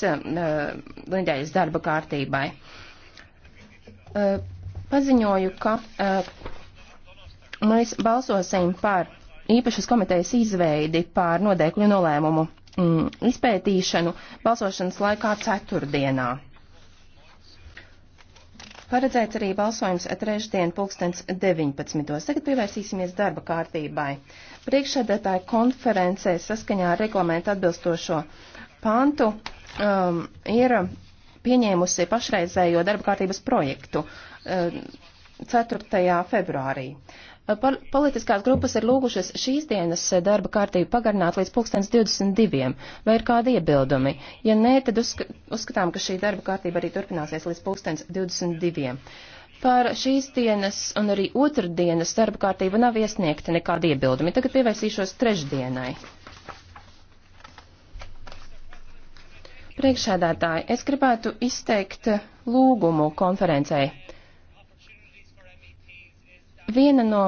Uh, nedēļas darba kārtībai. Uh, paziņoju, ka uh, mēs balsosim par īpašas komitejas izveidi pār nodeikļu nolēmumu mm, izpētīšanu balsošanas laikā ceturtdienā. Paredzēts arī balsojums trešdien pulkstens 19. Tagad pievērsīsimies darba kārtībai. Priekšsēdētāja konferencē saskaņā ar reglamentu atbilstošo pantu um, ir pieņēmusi pašreizējo darba kārtības projektu um, 4. februārī. Uh, Par, politiskās grupas ir lūgušas šīs dienas darba kārtību pagarināt līdz 2022. Vai ir kādi iebildumi? Ja nē, tad uzska uzskatām, ka šī darba kārtība arī turpināsies līdz 2022. Par šīs dienas un arī otrdienas darba kārtību nav iesniegta nekāda iebildumi. Tagad pievērsīšos trešdienai. Priekšsēdētāji, es gribētu izteikt lūgumu konferencei. Viena no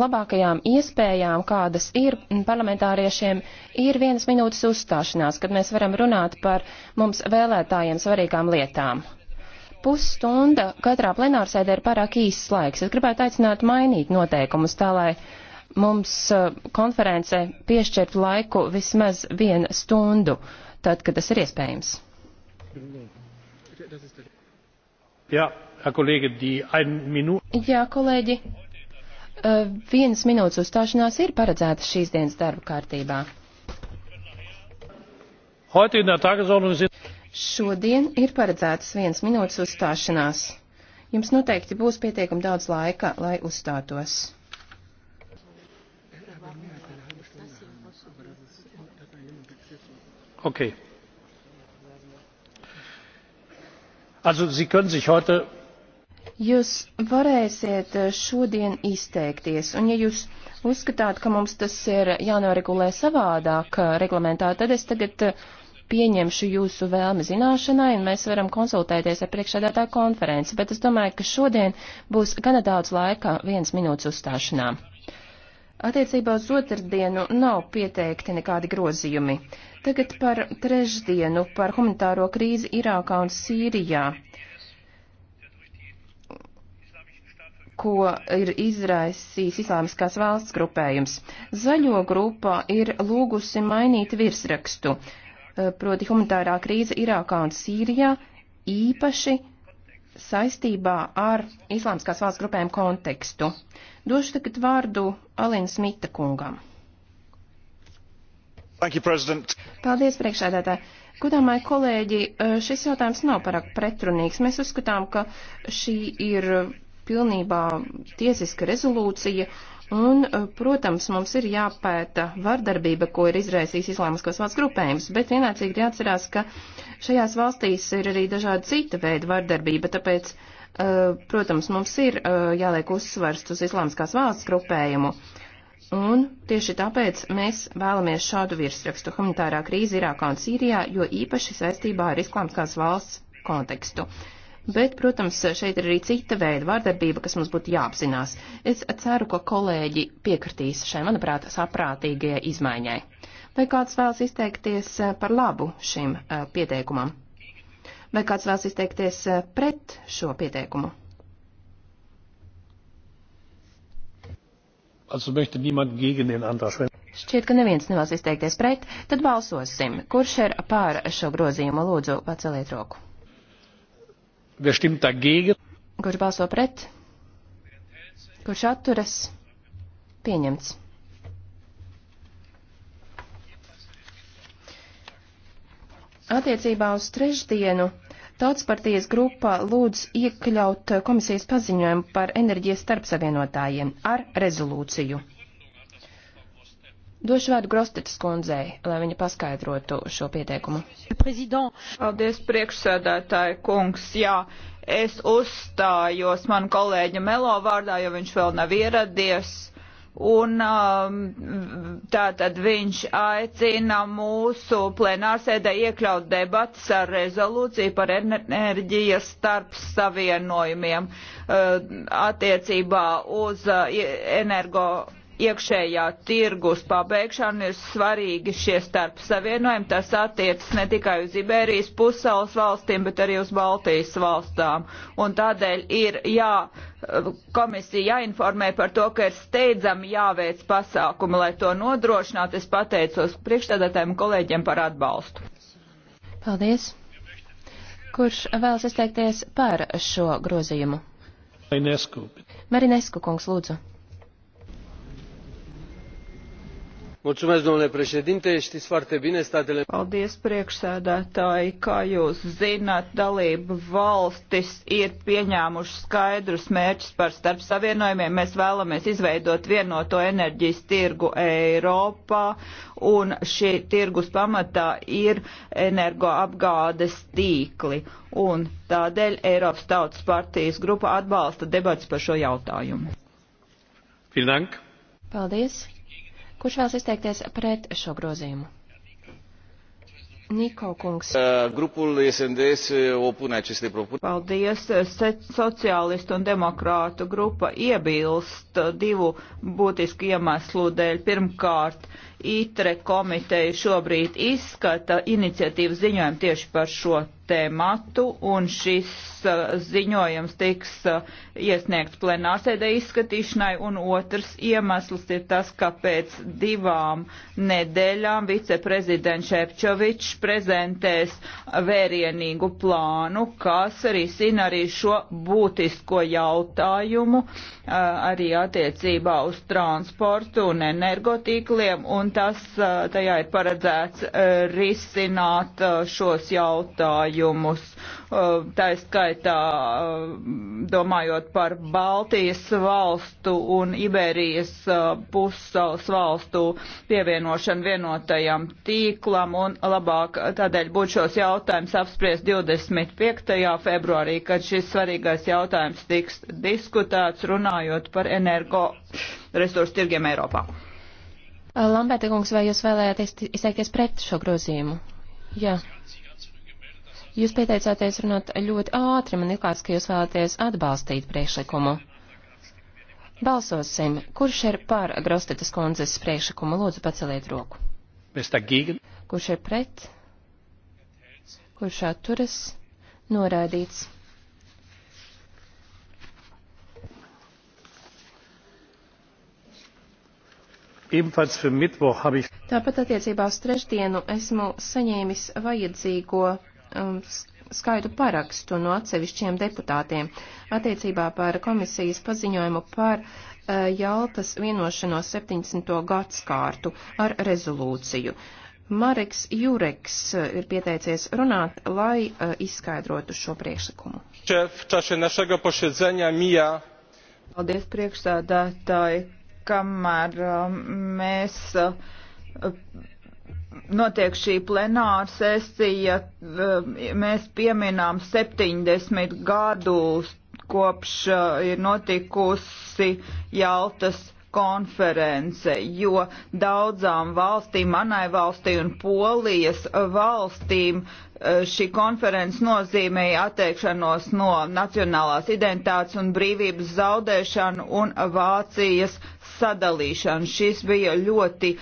labākajām iespējām, kādas ir parlamentāriešiem, ir vienas minūtes uzstāšanās, kad mēs varam runāt par mums vēlētājiem svarīgām lietām. Pusstunda katrā plenārsēdē ir pārāk īsts laiks. Es gribētu aicināt mainīt noteikumus tā, lai mums eh, konference piešķirtu laiku vismaz vienu stundu tad, kad tas ir iespējams. Jā, Jā kolēģi, eh, vienas minūtes uzstāšanās ir paredzētas šīs dienas darba kārtībā. Šodien ir paredzētas viens minūtes uzstāšanās. Jums noteikti būs pietiekami daudz laika, lai uzstātos. okay. Also, Sie können sich heute Jūs varēsiet eh, šodien izteikties, un ja jūs uzskatāt, ka mums tas ir jānoregulē savādāk eh, reglamentā, tad es tagad eh, pieņemšu jūsu vēlmi zināšanai, un mēs varam konsultēties ar priekšādātāju konferenci, bet es domāju, ka šodien būs gana daudz laika viens minūtes uzstāšanām. Attiecībā uz otrdienu nav pieteikti nekādi grozījumi. Tagad par trešdienu, par humanitāro krīzi Irākā un Sīrijā, ko ir izraisījis islāmiskās valsts grupējums. Zaļo grupa ir lūgusi mainīt virsrakstu, eh, proti humanitārā krīze Irākā un Sīrijā īpaši saistībā ar islāmskās valsts grupēm kontekstu. Došu tagad vārdu Alina Smita kungam. You, Paldies, priekšsēdētāji. Gudāmāji kolēģi, eh, šis jautājums nav parāk pretrunīgs. Mēs uzskatām, ka šī ir pilnībā tiesiska rezolūcija, un, eh, protams, mums ir jāpēta vardarbība, ko ir izraisījis islāmiskos valsts grupējums, bet vienlaicīgi ir jāatcerās, ka šajās valstīs ir arī dažādi cita veida vardarbība, tāpēc, eh, protams, mums ir jāliek uzsvars uz islāmiskās valsts grupējumu. Un tieši tāpēc mēs vēlamies šādu virsrakstu humanitārā krīze Irākā un Sīrijā, jo īpaši saistībā ar islāmskās valsts kontekstu. Bet, protams, šeit ir arī cita veida vārdarbība, kas mums būtu jāapzinās. Es ceru, ka kolēģi piekritīs šai, manuprāt, saprātīgajai izmaiņai. Vai kāds vēlas izteikties eh, par labu šim eh, pieteikumam? Vai kāds vēlas izteikties eh, pret šo pieteikumu? Also möchte niemand gegen den Antrag sprechen. Šķiet, ka neviens nevēlas izteikties pret, tad balsosim. Kurš ir pār šo grozījumu? Lūdzu, paceliet roku. Kurš balso pret? Kurš atturas? Pieņemts. Attiecībā uz trešdienu Tautas partijas grupa lūdz iekļaut komisijas paziņojumu par enerģijas starpsavienotājiem ar rezolūciju. Došu vārdu Grostetas kundzei, lai viņa paskaidrotu šo pieteikumu. Prezident. Paldies, priekšsēdētāji kungs. Jā, es uzstājos manu kolēģi Melo vārdā, jo viņš vēl nav ieradies Un um, tātad viņš aicina mūsu plenārsēdē iekļaut debats ar rezolūciju par enerģijas starp savienojumiem uh, attiecībā uz uh, energo iekšējā tirgus pabeigšanu ir svarīgi šie starp savienojumi. Tas attiecas ne tikai uz Iberijas pussalas valstīm, bet arī uz Baltijas valstām. Un tādēļ ir jā, komisija jāinformē par to, ka ir steidzami jāveic pasākumi, lai to nodrošinātu. Es pateicos priekšstādātājiem kolēģiem par atbalstu. Paldies. Kurš vēlas izteikties par šo grozījumu? Marinesku. Marinesku kungs, lūdzu. domnule președinte știți foarte bine statele. paldies priekšsēdētāji kā jūs zināt dalību valstis ir pieņēmušas skaidrus mērķus par starp savienojumiem mēs vēlamies izveidot vienoto enerģijas tirgu Eiropā un šī tirgus pamatā ir energoapgādes tīkli un tādēļ Eiropas Tautas partijas grupa atbalsta debats par šo jautājumu. Paldies! Kurš vēlas izteikties pret šo grozījumu? Niko kungs. Uh, grupul SNDS uh, opune acestei propuneri. Paldies. Uh, sociālistu un demokrātu grupa iebilst divu būtisku iemeslu dēļ. Pirmkārt, ITRE komiteja šobrīd izskata iniciatīvas ziņojumu tieši par šo tematu, un šis uh, ziņojums tiks uh, iesniegts plenārsēdē izskatīšanai, un otrs iemesls ir tas, ka pēc divām nedēļām viceprezidents Šepčovičs prezentēs vērienīgu plānu, kas risina arī šo būtisko jautājumu uh, arī attiecībā uz transportu un energotīkliem, un tas tajā ir paredzēts risināt šos jautājumus jautājumus, uh, tā skaitā uh, domājot par Baltijas valstu un Iberijas uh, pussalas valstu pievienošanu vienotajam tīklam un labāk tādēļ būtu šos jautājumus apspriest 25. februārī, kad šis svarīgais jautājums tiks diskutēts runājot par energo resursu tirgiem Eiropā. Lambēta kungs, vai jūs vēlējāties izteikties pret šo grozījumu? Jā. Jūs pieteicāties runāt ļoti ātri, man likās, ka jūs vēlaties atbalstīt priekšlikumu. Balsosim, kurš ir par Grostetas kundzes priekšlikumu, lūdzu paceliet roku. Kurš ir pret? Kurš atturas? Norādīts. ebenfalls für Mittwoch habe ich. Tāpat attiecībā uz trešdienu esmu saņēmis vajadzīgo Um, skaitu parakstu no atsevišķiem deputātiem attiecībā par komisijas paziņojumu par uh, Jaltas vienošanos 70. gadskārtu ar rezolūciju. Mareks Jureks uh, ir pieteicies runāt, lai uh, izskaidrotu šo priekšlikumu. Paldies priekšsēdētāji, kamēr um, uh, mēs notiek šī plenāra sesija, um, mēs pieminām 70 gadus kopš uh, ir notikusi Jaltas konference, jo daudzām valstīm, manai valstī un Polijas valstīm uh, šī konference nozīmēja atteikšanos no nacionālās identitātes un brīvības zaudēšanu un Vācijas sadalīšanu. Šis bija ļoti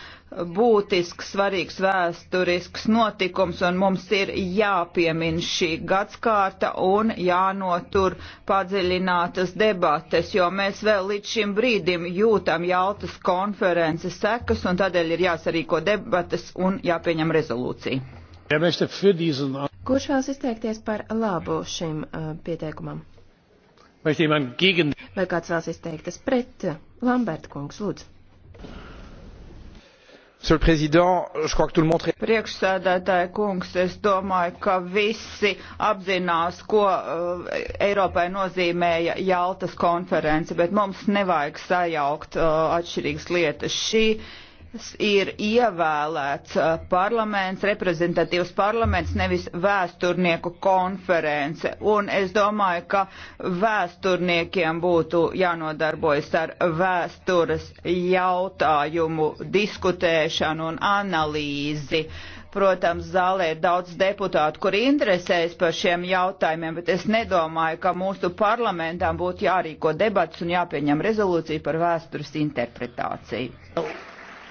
būtisks, svarīgs vēsturisks notikums, un mums ir jāpiemin šī gadskārta un jānotur padziļinātas debates, jo mēs vēl līdz šim brīdim jūtam jautas konferences sekas, un tādēļ ir jāsarīko debates un jāpieņem rezolūcija. Kurš vēlas izteikties par labu šim uh, pieteikumam? Vai kāds vēlas izteikties pret? Lamberta kungs, lūdzu. Priekšsēdētāja kungs, es domāju, ka visi apzinās, ko uh, Eiropai nozīmēja Jaltas konference, bet mums nevajag sajaukt uh, atšķirīgas lietas. Šī ir ievēlēts uh, parlaments, reprezentatīvs parlaments, nevis vēsturnieku konference. Un es domāju, ka vēsturniekiem būtu jānodarbojas ar vēstures jautājumu diskutēšanu un analīzi. Protams, zālē ir daudz deputātu, kuri interesēs par šiem jautājumiem, bet es nedomāju, ka mūsu parlamentām būtu jārīko debats un jāpieņem rezolūcija par vēstures interpretāciju.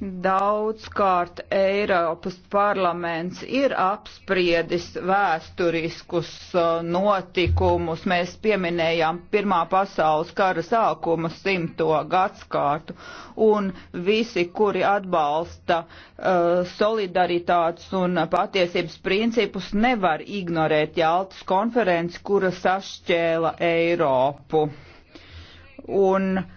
Daudzkārt Eiropas parlaments ir apspriedis vēsturiskus uh, notikumus. Mēs pieminējām Pirmā pasaules kara sākuma simto gadskārtu, un visi, kuri atbalsta uh, solidaritātes un patiesības principus, nevar ignorēt Jaltas konferenci, kura sašķēla Eiropu. Un, uh,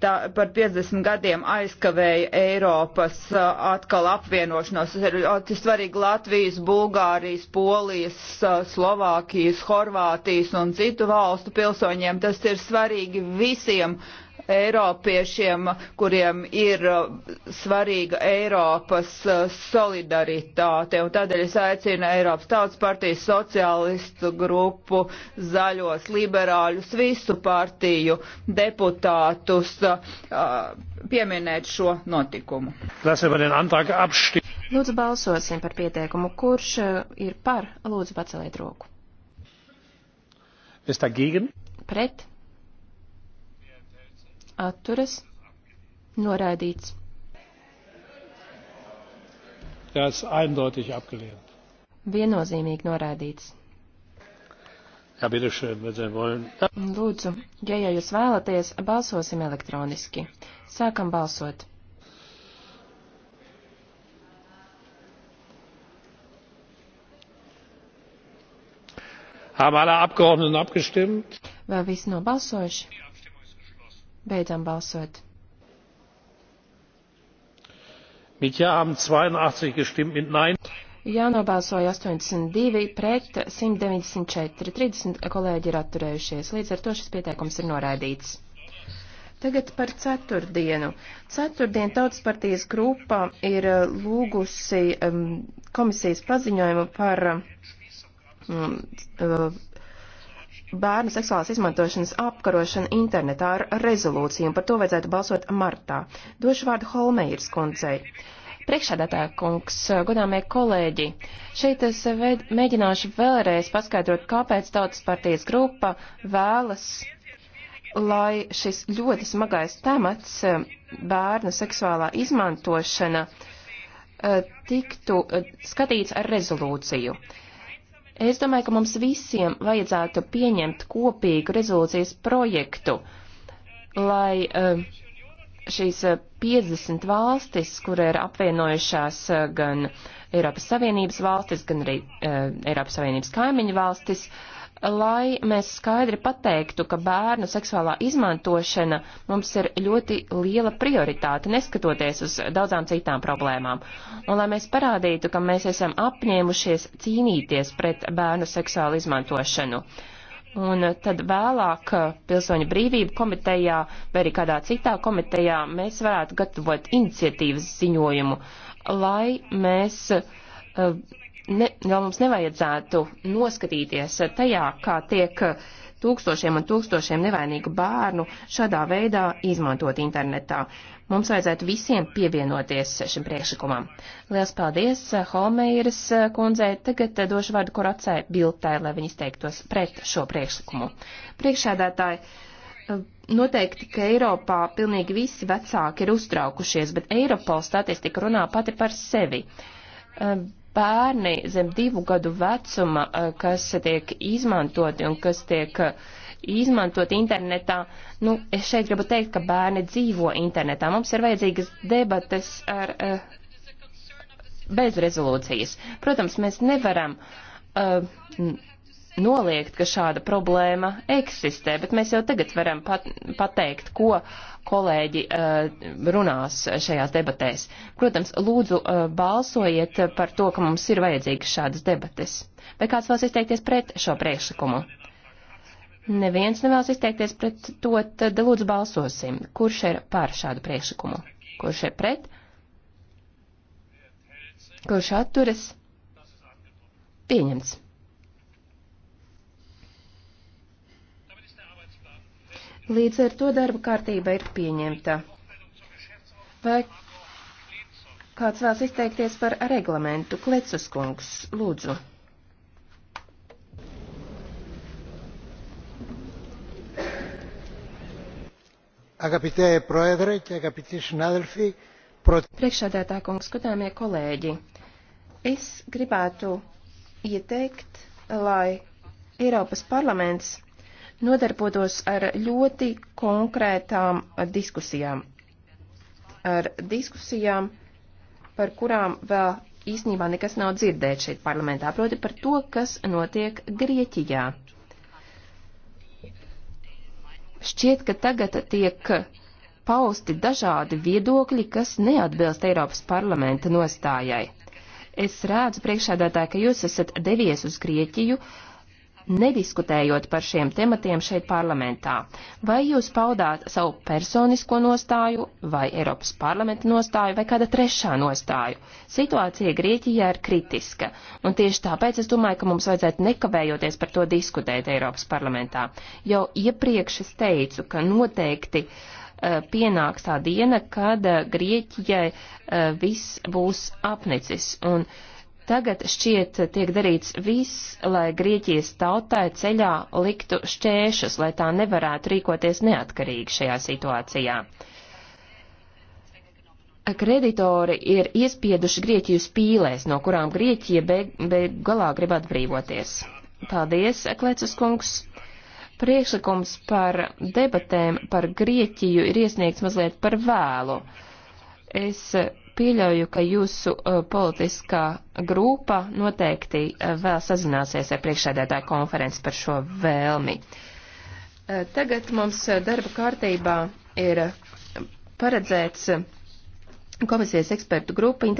tā, par 50 gadiem aizkavēja Eiropas atkal apvienošanos. Tas ir ļoti svarīgi Latvijas, Bulgārijas, Polijas, Slovākijas, Horvātijas un citu valstu pilsoņiem. Tas ir svarīgi visiem Eiropiešiem, kuriem ir uh, svarīga Eiropas uh, solidaritāte. Un tādēļ es aicinu Eiropas Tautas partijas sociālistu grupu, zaļos, liberāļus, visu partiju deputātus uh, pieminēt šo notikumu. Lūdzu, balsosim par pieteikumu. Kurš ir par? Lūdzu, paceliet roku. Es tā gīgan. Pret atturas, noraidīts. Tas eindeutig abgelehnt. Viennozīmīgi noraidīts. Jā, bitešēn, Lūdzu, ja jau jūs vēlaties, balsosim elektroniski. Sākam balsot. Haben alle Abgeordneten abgestimmt? Vai visi nobalsojuši? Beidzam balsot. Mit Ja haben 82 gestimmt, mit Nein. Jā, nobalsoja 82 pret 194. 30 kolēģi ir atturējušies. Līdz ar to šis pieteikums ir noraidīts. Tagad par ceturtdienu. Ceturtdien Tautas partijas grupa ir eh, lūgusi um, komisijas paziņojumu par um, bērnu seksuālās izmantošanas apkarošana internetā ar rezolūciju, un par to vajadzētu balsot martā. Došu vārdu Holmeiras kundzei. Priekšādātāja kungs, godāmie kolēģi, šeit es ved, mēģināšu vēlreiz paskaidrot, kāpēc Tautas partijas grupa vēlas, lai šis ļoti smagais temats bērnu seksuālā izmantošana eh, tiktu eh, skatīts ar rezolūciju. Uh, Es domāju, ka mums visiem vajadzētu pieņemt kopīgu rezolūcijas projektu, lai eh, šīs 50 eh, valstis, kur ir apvienojušās eh, gan Eiropas Savienības valstis, gan arī Eiropas Savienības kaimiņu valstis, uh, lai mēs skaidri pateiktu, ka bērnu seksuālā izmantošana mums ir ļoti liela prioritāte, neskatoties uz daudzām citām problēmām. Un lai mēs parādītu, ka mēs esam apņēmušies cīnīties pret bērnu seksuālu izmantošanu. Un tad vēlāk uh, Pilsoņu brīvību komitejā vai arī kādā citā komitejā mēs varētu gatavot iniciatīvas ziņojumu, lai mēs uh, ne, vēl mums nevajadzētu noskatīties tajā, kā tiek tūkstošiem un tūkstošiem nevainīgu bērnu šādā veidā izmantot internetā. Mums vajadzētu visiem pievienoties šim priekšlikumam. Lielas paldies Holmeiras kundzei. Tagad došu vārdu Koracē Biltai, lai viņi izteiktos pret šo priekšlikumu. Priekšādātāji. Noteikti, ka Eiropā pilnīgi visi vecāki ir uztraukušies, bet Eiropola statistika runā pati par sevi bērni zem divu gadu vecuma, eh, kas tiek izmantoti un kas tiek eh, izmantot internetā, nu, es šeit gribu teikt, ka bērni dzīvo internetā. Mums ir vajadzīgas debates ar, eh, bez rezolūcijas. Protams, mēs nevaram uh, noliegt, ka šāda problēma eksistē, bet mēs jau tagad varam pat, pateikt, ko kolēģi uh, runās šajās debatēs. Protams, lūdzu uh, balsojiet par to, ka mums ir vajadzīgas šādas debates. Vai kāds vēlas izteikties pret šo priekšlikumu? Neviens nevēlas izteikties pret to, tad lūdzu balsosim. Kurš ir par šādu priekšlikumu? Kurš ir pret? Kurš atturas? Pieņemts. Līdz ar to darba kārtība ir pieņemta. Vai kāds vēlas izteikties par reglamentu? Klecas kungs, lūdzu. Agapitē proedre, agapitē šinādelfi. Prot... Priekšādētā kungs, skatāmie kolēģi, es gribētu ieteikt, lai Eiropas parlaments nodarbotos ar ļoti konkrētām diskusijām. Ar diskusijām, par kurām vēl īstenībā nekas nav dzirdēts šeit parlamentā, proti par to, kas notiek Grieķijā. Šķiet, ka tagad tiek pausti dažādi viedokļi, kas neatbilst Eiropas parlamenta nostājai. Es redzu priekšādātāju, ka jūs esat devies uz Grieķiju, uh, nediskutējot par šiem tematiem šeit parlamentā. Vai jūs paudāt savu personisko nostāju, vai Eiropas parlamenta nostāju, vai kāda trešā nostāju? Situācija Grieķijā ir kritiska, un tieši tāpēc es domāju, ka mums vajadzētu nekavējoties par to diskutēt Eiropas parlamentā. Jau iepriekš es teicu, ka noteikti uh, pienāks tā diena, kad uh, Grieķijai uh, viss būs apnicis. Un, uh, Tagad šķiet tiek darīts viss, lai Grieķijas tautai ceļā liktu šķēršus, lai tā nevarētu rīkoties neatkarīgi šajā situācijā. Kreditori ir iespieduši Grieķiju spīlēs, no kurām Grieķija beig, beig galā grib atbrīvoties. Paldies, Klecas kungs! Priekšlikums par debatēm par Grieķiju ir iesniegts mazliet par vēlu. Es pieļauju, ka jūsu uh, politiskā grupa noteikti uh, vēl sazināsies ar priekšsēdētāju konferenci par šo vēlmi. Uh, tagad mums uh, darba kārtībā ir uh, paredzēts uh, komisijas ekspertu grupa.